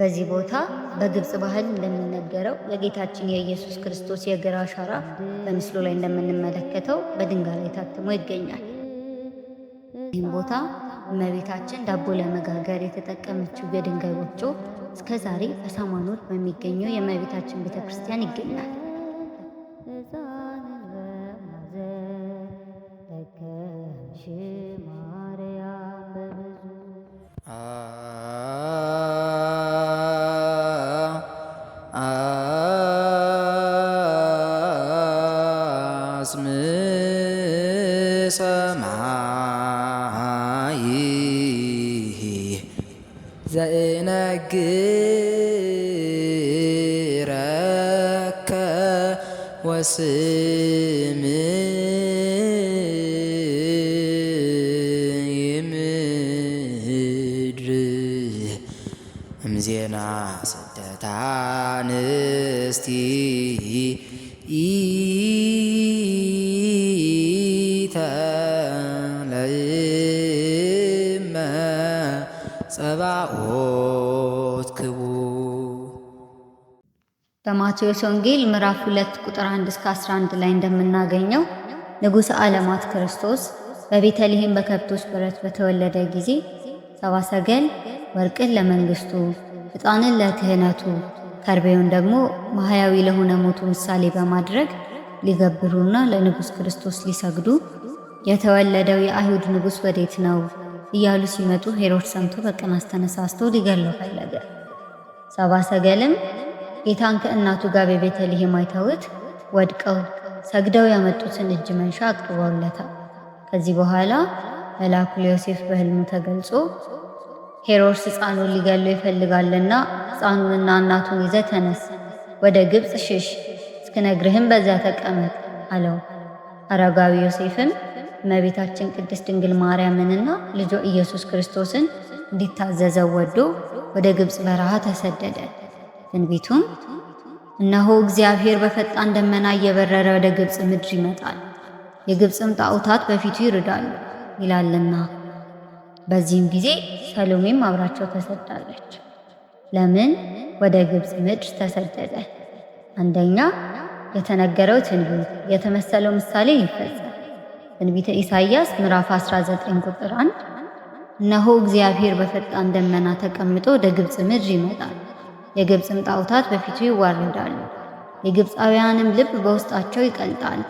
በዚህ ቦታ በግብፅ ባህል እንደሚነገረው የጌታችን የኢየሱስ ክርስቶስ የእግር አሻራ በምስሉ ላይ እንደምንመለከተው በድንጋይ ላይ ታትሞ ይገኛል። ይህም ቦታ እመቤታችን ዳቦ ለመጋገር የተጠቀመችው የድንጋይ ወፍጮ እስከዛሬ በሳማኖት በሚገኘው የእመቤታችን ቤተ ክርስቲያን ይገኛል። ذكرك واسم يمدر امزينا سدت انستي ማቴዎስ ወንጌል ምዕራፍ 2 ቁጥር 1 እስከ 11 ላይ እንደምናገኘው ንጉሥ ዓለማት ክርስቶስ በቤተልሔም በከብቶች በረት በተወለደ ጊዜ ሰባ ሰገል ወርቅን ለመንግስቱ ዕጣንን ለክህነቱ፣ ከርቤውን ደግሞ ማህያዊ ለሆነ ሞቱ ምሳሌ በማድረግ ሊገብሩና ለንጉሥ ክርስቶስ ሊሰግዱ የተወለደው የአይሁድ ንጉሥ ወዴት ነው እያሉ ሲመጡ ሄሮድ ሰምቶ በቅናት ተነሳስቶ ሊገድለው ፈለገ። ሰባ ሰገልም ጌታን ከእናቱ ጋር በቤተልሔም አይተውት ወድቀው ሰግደው ያመጡትን እጅ መንሻ አቅርበውለታል። ከዚህ በኋላ መልአኩ ለዮሴፍ በሕልሙ ተገልጾ ሄሮድስ ሕፃኑን ሊገለው ይፈልጋልና ሕፃኑንና እናቱን ይዘ ተነስ፣ ወደ ግብፅ ሽሽ፣ እስክነግርህም በዚያ ተቀመጥ አለው። አረጋዊ ዮሴፍም እመቤታችን ቅድስት ድንግል ማርያምንና ልጇ ኢየሱስ ክርስቶስን እንዲታዘዘው ወዶ ወደ ግብፅ በረሃ ተሰደደ። ትንቢቱም እነሆ እግዚአብሔር በፈጣን ደመና እየበረረ ወደ ግብፅ ምድር ይመጣል፣ የግብፅም ጣዖታት በፊቱ ይርዳሉ ይላልና። በዚህም ጊዜ ሰሎሜም አብራቸው ተሰዳለች። ለምን ወደ ግብፅ ምድር ተሰደደ? አንደኛ የተነገረው ትንቢት የተመሰለው ምሳሌ ይፈጸም። ትንቢተ ኢሳይያስ ምዕራፍ 19 ቁጥር 1 እነሆ እግዚአብሔር በፈጣን ደመና ተቀምጦ ወደ ግብፅ ምድር ይመጣል የግብፅም ጣዖታት በፊቱ ይዋረዳሉ፣ የግብፃውያንም ልብ በውስጣቸው ይቀልጣል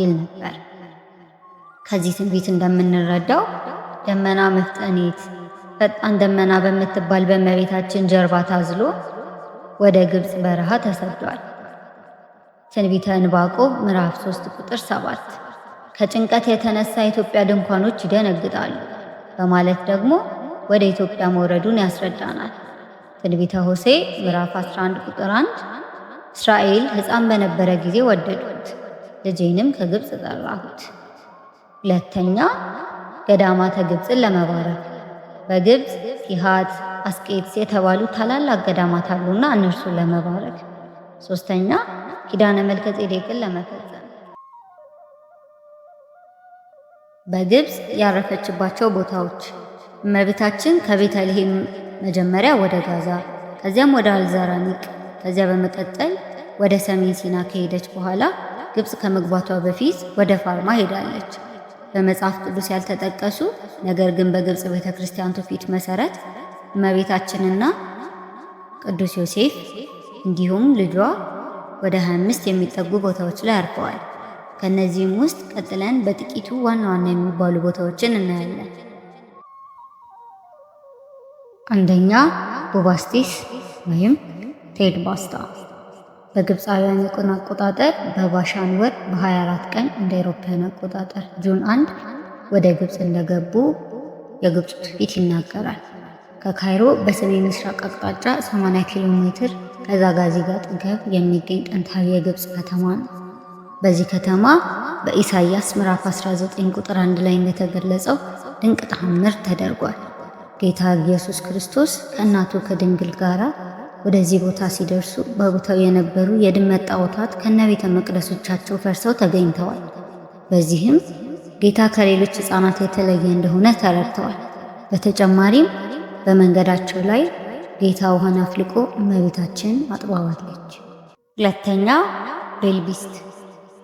ይል ነበር። ከዚህ ትንቢት እንደምንረዳው ደመና መፍጠኔት ፈጣን ደመና በምትባል በመቤታችን ጀርባ ታዝሎ ወደ ግብፅ በረሃ ተሰዷል። ትንቢተ ዕንባቆም ምዕራፍ 3 ቁጥር 7 ከጭንቀት የተነሳ የኢትዮጵያ ድንኳኖች ይደነግጣሉ በማለት ደግሞ ወደ ኢትዮጵያ መውረዱን ያስረዳናል። ትንቢተ ሆሴዕ ምዕራፍ 11 ቁጥር 1 እስራኤል ሕፃን በነበረ ጊዜ ወደዱት፣ ልጄንም ከግብፅ ጠራሁት። ሁለተኛ ገዳማተ ግብፅን ለመባረክ በግብፅ ሲሃት፣ አስቄጥስ የተባሉ ታላላቅ ገዳማት አሉና እነርሱን ለመባረክ። ሶስተኛ ኪዳነ መልከ ጼዴቅን ለመፈጸም በግብፅ ያረፈችባቸው ቦታዎች እመቤታችን ከቤተልሔም መጀመሪያ ወደ ጋዛ ከዚያም ወደ አልዛራኒቅ ከዚያ በመቀጠል ወደ ሰሜን ሲና ከሄደች በኋላ ግብፅ ከመግባቷ በፊት ወደ ፋርማ ሄዳለች። በመጽሐፍ ቅዱስ ያልተጠቀሱ ነገር ግን በግብፅ ቤተ ክርስቲያን ትውፊት መሰረት እመቤታችንና ቅዱስ ዮሴፍ እንዲሁም ልጇ ወደ 25 የሚጠጉ ቦታዎች ላይ አርፈዋል። ከእነዚህም ውስጥ ቀጥለን በጥቂቱ ዋና ዋና የሚባሉ ቦታዎችን እናያለን። አንደኛ ቦባስቲስ ወይም ቴድ ባስታ በግብፃውያን የቀን አቆጣጠር በባሻን ወር በ24 ቀን እንደ አውሮፓውያን አቆጣጠር ጁን አንድ ወደ ግብፅ እንደገቡ የግብፅ ትውፊት ይናገራል። ከካይሮ በሰሜን ምስራቅ አቅጣጫ 80 ኪሎ ሜትር ከዛጋዚግ አጠገብ የሚገኝ ጥንታዊ የግብፅ ከተማ ነው። በዚህ ከተማ በኢሳይያስ ምዕራፍ 19 ቁጥር 1 ላይ እንደተገለጸው ድንቅ ተአምር ተደርጓል። ጌታ ኢየሱስ ክርስቶስ ከእናቱ ከድንግል ጋራ ወደዚህ ቦታ ሲደርሱ በቦታው የነበሩ የድመት ጣዖታት ከነ ቤተ መቅደሶቻቸው ፈርሰው ተገኝተዋል። በዚህም ጌታ ከሌሎች ሕፃናት የተለየ እንደሆነ ተረድተዋል። በተጨማሪም በመንገዳቸው ላይ ጌታ ውሃን አፍልቆ እመቤታችን አጥባዋለች። ሁለተኛ ቤልቢስት።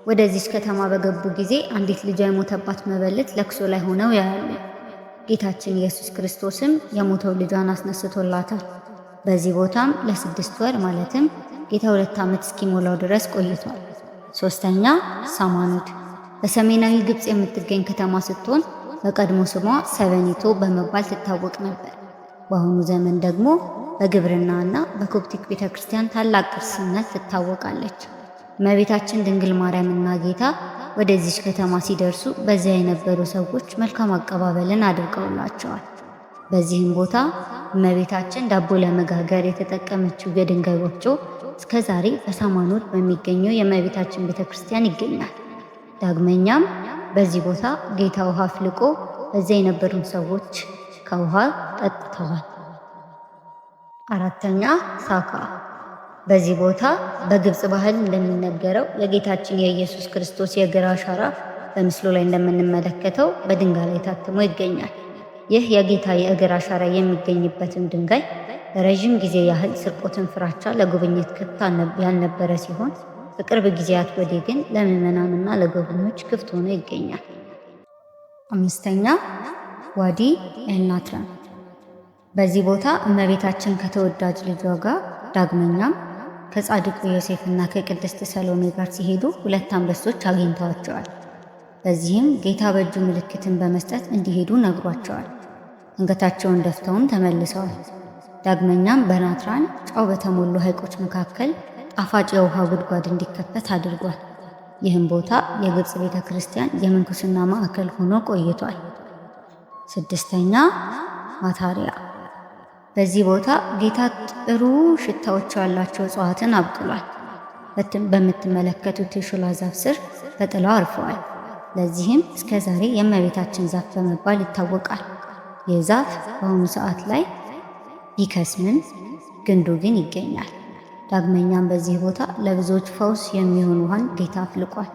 ወደዚች ከተማ በገቡ ጊዜ አንዲት ልጇ የሞተባት መበለት ለቅሶ ላይ ሆነው ያያሉ። ጌታችን ኢየሱስ ክርስቶስም የሞተው ልጇን አስነስቶላታል። በዚህ ቦታም ለስድስት ወር ማለትም ጌታ ሁለት ዓመት እስኪሞላው ድረስ ቆይቷል። ሶስተኛ ሳማኑድ በሰሜናዊ ግብፅ የምትገኝ ከተማ ስትሆን በቀድሞ ስሟ ሰቨኒቶ በመባል ትታወቅ ነበር። በአሁኑ ዘመን ደግሞ በግብርናና በኮፕቲክ ቤተ ክርስቲያን ታላቅ ቅርስነት ትታወቃለች። እመቤታችን ድንግል ማርያምና ጌታ ወደዚች ከተማ ሲደርሱ በዚያ የነበሩ ሰዎች መልካም አቀባበልን አድርገውላቸዋል። በዚህም ቦታ እመቤታችን ዳቦ ለመጋገር የተጠቀመችው የድንጋይ ወፍጮ እስከ ዛሬ በሳማኖር በሚገኘው የእመቤታችን ቤተ ክርስቲያን ይገኛል። ዳግመኛም በዚህ ቦታ ጌታ ውሃ አፍልቆ በዚያ የነበሩን ሰዎች ከውሃ ጠጥተዋል። አራተኛ ሳካ በዚህ ቦታ በግብፅ ባህል እንደሚነገረው የጌታችን የኢየሱስ ክርስቶስ የእግር አሻራ በምስሉ ላይ እንደምንመለከተው በድንጋይ ላይ ታትሞ ይገኛል። ይህ የጌታ የእግር አሻራ የሚገኝበትም ድንጋይ ረዥም ጊዜ ያህል ስርቆትን፣ ፍራቻ ለጉብኝት ክፍት ያልነበረ ሲሆን በቅርብ ጊዜያት ወዲህ ግን ለምዕመናንና ለጎብኞች ክፍት ሆኖ ይገኛል። አምስተኛ ዋዲ ኤልናትራ። በዚህ ቦታ እመቤታችን ከተወዳጅ ልጇ ጋር ዳግመኛም ከጻድቁ ዮሴፍና ከቅድስት ሰሎሜ ጋር ሲሄዱ ሁለት አንበሶች አግኝተዋቸዋል። በዚህም ጌታ በእጁ ምልክትን በመስጠት እንዲሄዱ ነግሯቸዋል። አንገታቸውን ደፍተውም ተመልሰዋል። ዳግመኛም በናትራን ጨው በተሞሉ ሐይቆች መካከል ጣፋጭ የውሃ ጉድጓድ እንዲከፈት አድርጓል። ይህም ቦታ የግብፅ ቤተ ክርስቲያን የምንኩስና ማዕከል ሆኖ ቆይቷል። ስድስተኛ ማታሪያ በዚህ ቦታ ጌታ ጥሩ ሽታዎች ያላቸው እጽዋትን አብቅሏል። በምትመለከቱት የሾላ ዛፍ ስር በጥላው አርፈዋል። ለዚህም እስከ ዛሬ የእመቤታችን ዛፍ በመባል ይታወቃል። ይህ ዛፍ በአሁኑ ሰዓት ላይ ቢከስምም ግንዱ ግን ይገኛል። ዳግመኛም በዚህ ቦታ ለብዙዎች ፈውስ የሚሆን ውሃን ጌታ አፍልቋል።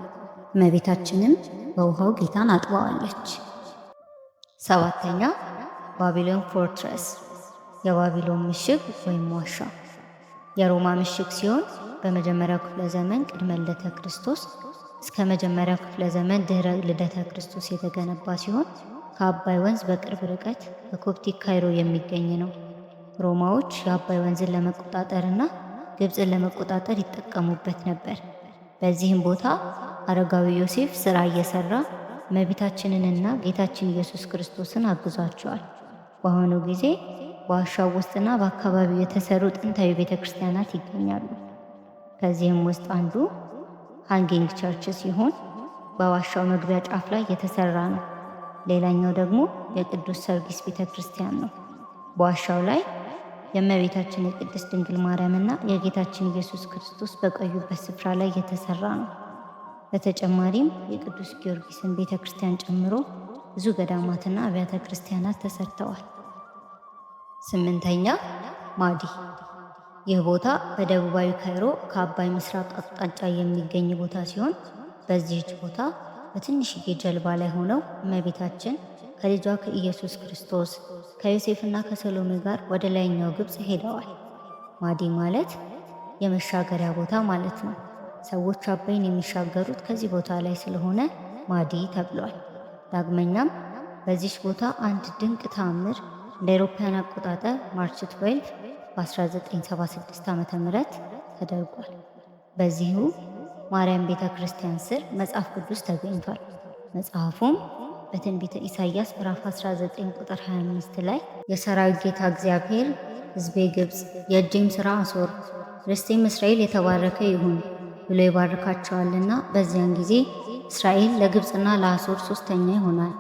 እመቤታችንም በውሃው ጌታን አጥባዋለች። ሰባተኛ ባቢሎን ፎርትረስ የባቢሎን ምሽግ ወይም ዋሻ የሮማ ምሽግ ሲሆን በመጀመሪያው ክፍለ ዘመን ቅድመ ልደተ ክርስቶስ እስከ መጀመሪያው ክፍለ ዘመን ድህረ ልደተ ክርስቶስ የተገነባ ሲሆን ከአባይ ወንዝ በቅርብ ርቀት በኮፕቲክ ካይሮ የሚገኝ ነው። ሮማዎች የአባይ ወንዝን ለመቆጣጠርና ግብፅን ለመቆጣጠር ይጠቀሙበት ነበር። በዚህም ቦታ አረጋዊ ዮሴፍ ስራ እየሰራ መቤታችንንና ጌታችን ኢየሱስ ክርስቶስን አግዟቸዋል። በአሁኑ ጊዜ በዋሻው ውስጥና በአካባቢው የተሰሩ ጥንታዊ ቤተ ክርስቲያናት ይገኛሉ። ከዚህም ውስጥ አንዱ ሃንጊንግ ቸርች ሲሆን በዋሻው መግቢያ ጫፍ ላይ የተሰራ ነው። ሌላኛው ደግሞ የቅዱስ ሰርጊስ ቤተ ክርስቲያን ነው። በዋሻው ላይ የእመቤታችን የቅድስት ድንግል ማርያምና የጌታችን ኢየሱስ ክርስቶስ በቆዩበት ስፍራ ላይ የተሰራ ነው። በተጨማሪም የቅዱስ ጊዮርጊስን ቤተ ክርስቲያን ጨምሮ ብዙ ገዳማትና አብያተ ክርስቲያናት ተሰርተዋል። ስምንተኛ ማዲ ይህ ቦታ በደቡባዊ ካይሮ ከአባይ ምስራቅ አቅጣጫ የሚገኝ ቦታ ሲሆን በዚህች ቦታ በትንሽዬ ጀልባ ላይ ሆነው እመቤታችን ከልጇ ከኢየሱስ ክርስቶስ ከዮሴፍና ከሰሎሜ ጋር ወደ ላይኛው ግብፅ ሄደዋል። ማዲ ማለት የመሻገሪያ ቦታ ማለት ነው። ሰዎች አባይን የሚሻገሩት ከዚህ ቦታ ላይ ስለሆነ ማዲ ተብሏል። ዳግመኛም በዚች ቦታ አንድ ድንቅ ተአምር እንደ አውሮፓውያን አቆጣጠር ማርች 12 በ1976 ዓ.ም ተደርጓል። በዚሁ ማርያም ቤተ ክርስቲያን ስር መጽሐፍ ቅዱስ ተገኝቷል። መጽሐፉም በትንቢተ ኢሳይያስ ምዕራፍ 19 ቁጥር 25 ላይ የሰራዊት ጌታ እግዚአብሔር ሕዝቤ ግብፅ፣ የእጄም ሥራ አሦር፣ ርስቴም እስራኤል የተባረከ ይሁን ብሎ ይባርካቸዋልና በዚያን ጊዜ እስራኤል ለግብፅና ለአሦር ሦስተኛ ይሆናል።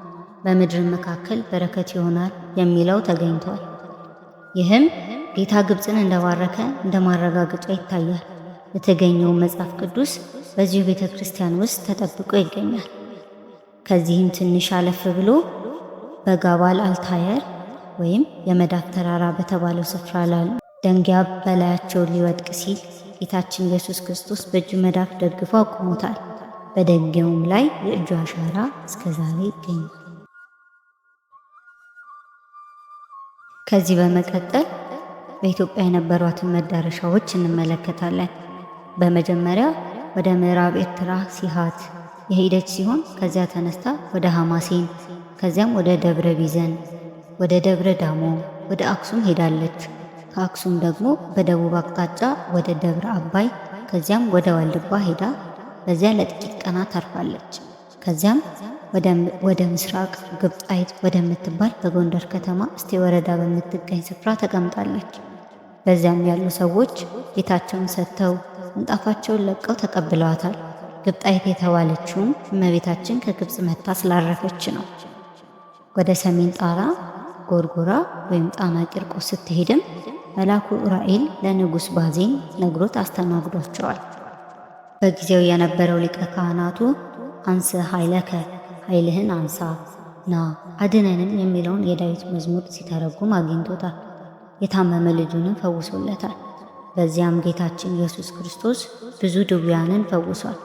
በምድር መካከል በረከት ይሆናል የሚለው ተገኝቷል። ይህም ጌታ ግብፅን እንደባረከ እንደ ማረጋገጫ ይታያል። የተገኘው መጽሐፍ ቅዱስ በዚሁ ቤተ ክርስቲያን ውስጥ ተጠብቆ ይገኛል። ከዚህም ትንሽ አለፍ ብሎ በጋባል አልታየር ወይም የመዳፍ ተራራ በተባለው ስፍራ ላሉ ደንጊያ በላያቸው ሊወድቅ ሲል ጌታችን ኢየሱስ ክርስቶስ በእጁ መዳፍ ደግፎ አቁሞታል። በደንጊያውም ላይ የእጁ አሻራ እስከ ዛሬ ይገኛል። ከዚህ በመቀጠል በኢትዮጵያ የነበሯትን መዳረሻዎች እንመለከታለን። በመጀመሪያ ወደ ምዕራብ ኤርትራ ሲሃት የሄደች ሲሆን ከዚያ ተነስታ ወደ ሐማሴን ከዚያም ወደ ደብረ ቢዘን፣ ወደ ደብረ ዳሞ፣ ወደ አክሱም ሄዳለች። ከአክሱም ደግሞ በደቡብ አቅጣጫ ወደ ደብረ አባይ ከዚያም ወደ ዋልድባ ሄዳ በዚያ ለጥቂት ቀናት አርፋለች። ከዚያም ወደ ምስራቅ ግብጣይት ወደምትባል በጎንደር ከተማ እስቴ ወረዳ በምትገኝ ስፍራ ተቀምጣለች። በዚያም ያሉ ሰዎች ጌታቸውን ሰጥተው ምንጣፋቸውን ለቀው ተቀብለዋታል። ግብጣይት የተባለችውም እመቤታችን ከግብፅ መታ ስላረፈች ነው። ወደ ሰሜን ጣራ ጎርጎራ ወይም ጣና ቂርቆስ ስትሄድም መልአኩ ዑራኤል ለንጉሥ ባዜን ነግሮት አስተናግዷቸዋል። በጊዜው የነበረው ሊቀ ካህናቱ አንስ ኃይለከ ኃይልህን አንሳ ና አድነንም የሚለውን የዳዊት መዝሙር ሲተረጉም አግኝቶታል። የታመመ ልጁንም ፈውሶለታል። በዚያም ጌታችን ኢየሱስ ክርስቶስ ብዙ ድውያንን ፈውሷል።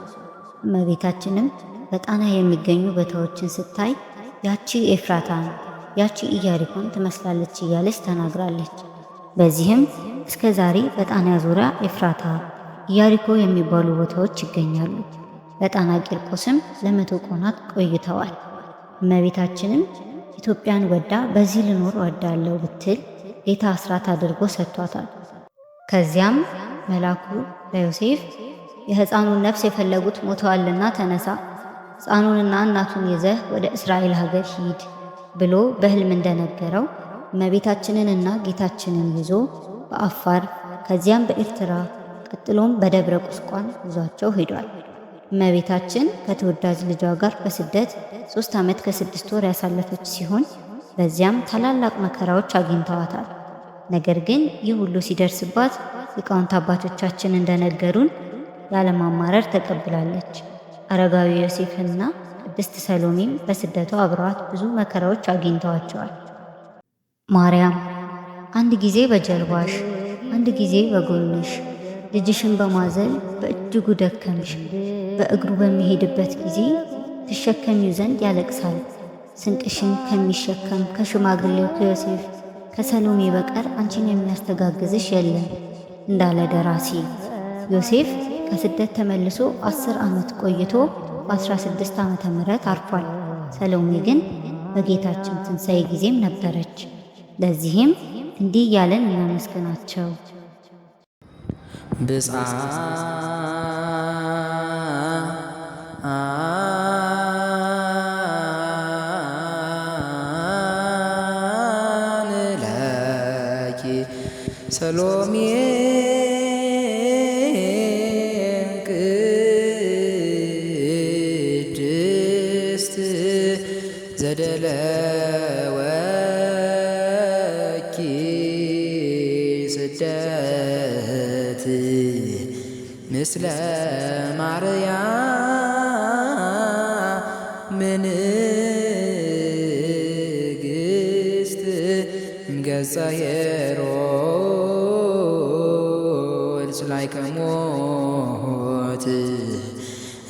እመቤታችንም በጣና የሚገኙ ቦታዎችን ስታይ ያቺ ኤፍራታን ያቺ ኢያሪኮን ትመስላለች እያለች ተናግራለች። በዚህም እስከ ዛሬ በጣና ዙሪያ ኤፍራታ፣ ኢያሪኮ የሚባሉ ቦታዎች ይገኛሉ። በጣና ቂርቆስም ለመቶ ቀናት ቆይተዋል። እመቤታችንም ኢትዮጵያን ወዳ በዚህ ልኖር ወዳለው ብትል ጌታ አስራት አድርጎ ሰጥቷታል። ከዚያም መልአኩ ለዮሴፍ የሕፃኑን ነፍስ የፈለጉት ሞተዋልና ተነሳ፣ ሕፃኑንና እናቱን ይዘህ ወደ እስራኤል ሀገር ሂድ ብሎ በሕልም እንደነገረው እመቤታችንንና ጌታችንን ይዞ በአፋር ከዚያም በኤርትራ ቀጥሎም በደብረ ቁስቋም ይዟቸው ሂዷል። እመቤታችን ከተወዳጅ ልጇ ጋር በስደት ሶስት ዓመት ከስድስት ወር ያሳለፈች ሲሆን በዚያም ታላላቅ መከራዎች አግኝተዋታል። ነገር ግን ይህ ሁሉ ሲደርስባት ሊቃውንት አባቶቻችን እንደነገሩን ያለማማረር ተቀብላለች። አረጋዊ ዮሴፍና ቅድስት ሰሎሜም በስደቷ አብረዋት ብዙ መከራዎች አግኝተዋቸዋል። ማርያም አንድ ጊዜ በጀርባሽ አንድ ጊዜ በጎንሽ ልጅሽን በማዘል በእጅጉ ደከምሽ። በእግሩ በሚሄድበት ጊዜ ትሸከሚው ዘንድ ያለቅሳል። ስንቅሽን ከሚሸከም ከሽማግሌው ከዮሴፍ ከሰሎሜ በቀር አንቺን የሚያስተጋግዝሽ የለም እንዳለ ደራሲ ዮሴፍ ከስደት ተመልሶ አስር ዓመት ቆይቶ በ16 ዓመተ ምህረት አርፏል። ሰሎሜ ግን በጌታችን ትንሣኤ ጊዜም ነበረች። ለዚህም እንዲህ እያለን እናመስግናቸው ብጻ ሰሎሜን ቅድስት ዘደለወኪ ስደት ምስለ ማርያም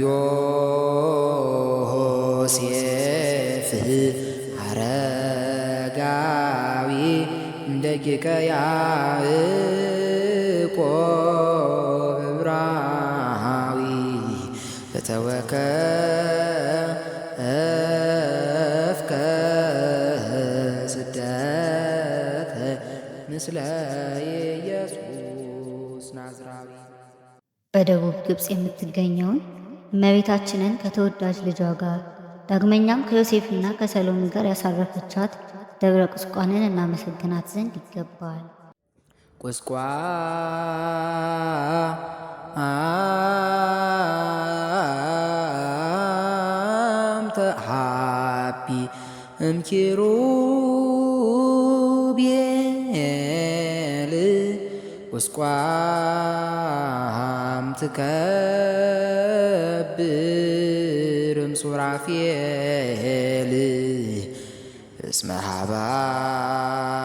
ዮሴፍ አረጋዊ ደቂቀ ያዕቆብ ዕብራዊ በተወከፍከ ስደተ ምስለ ኢየሱስ ናዝራዊ በደቡብ ግብፅ የምትገኘውን እመቤታችንን ከተወዳጅ ልጇ ጋር ዳግመኛም ከዮሴፍና ከሰሎሚ ጋር ያሳረፈቻት ደብረ ቁስቋንን እናመሰግናት ዘንድ ይገባል። ቁስቋም ተሃቢ ቤል ቁስቋም ትከል ابر مصور عفيالي اسمها بعض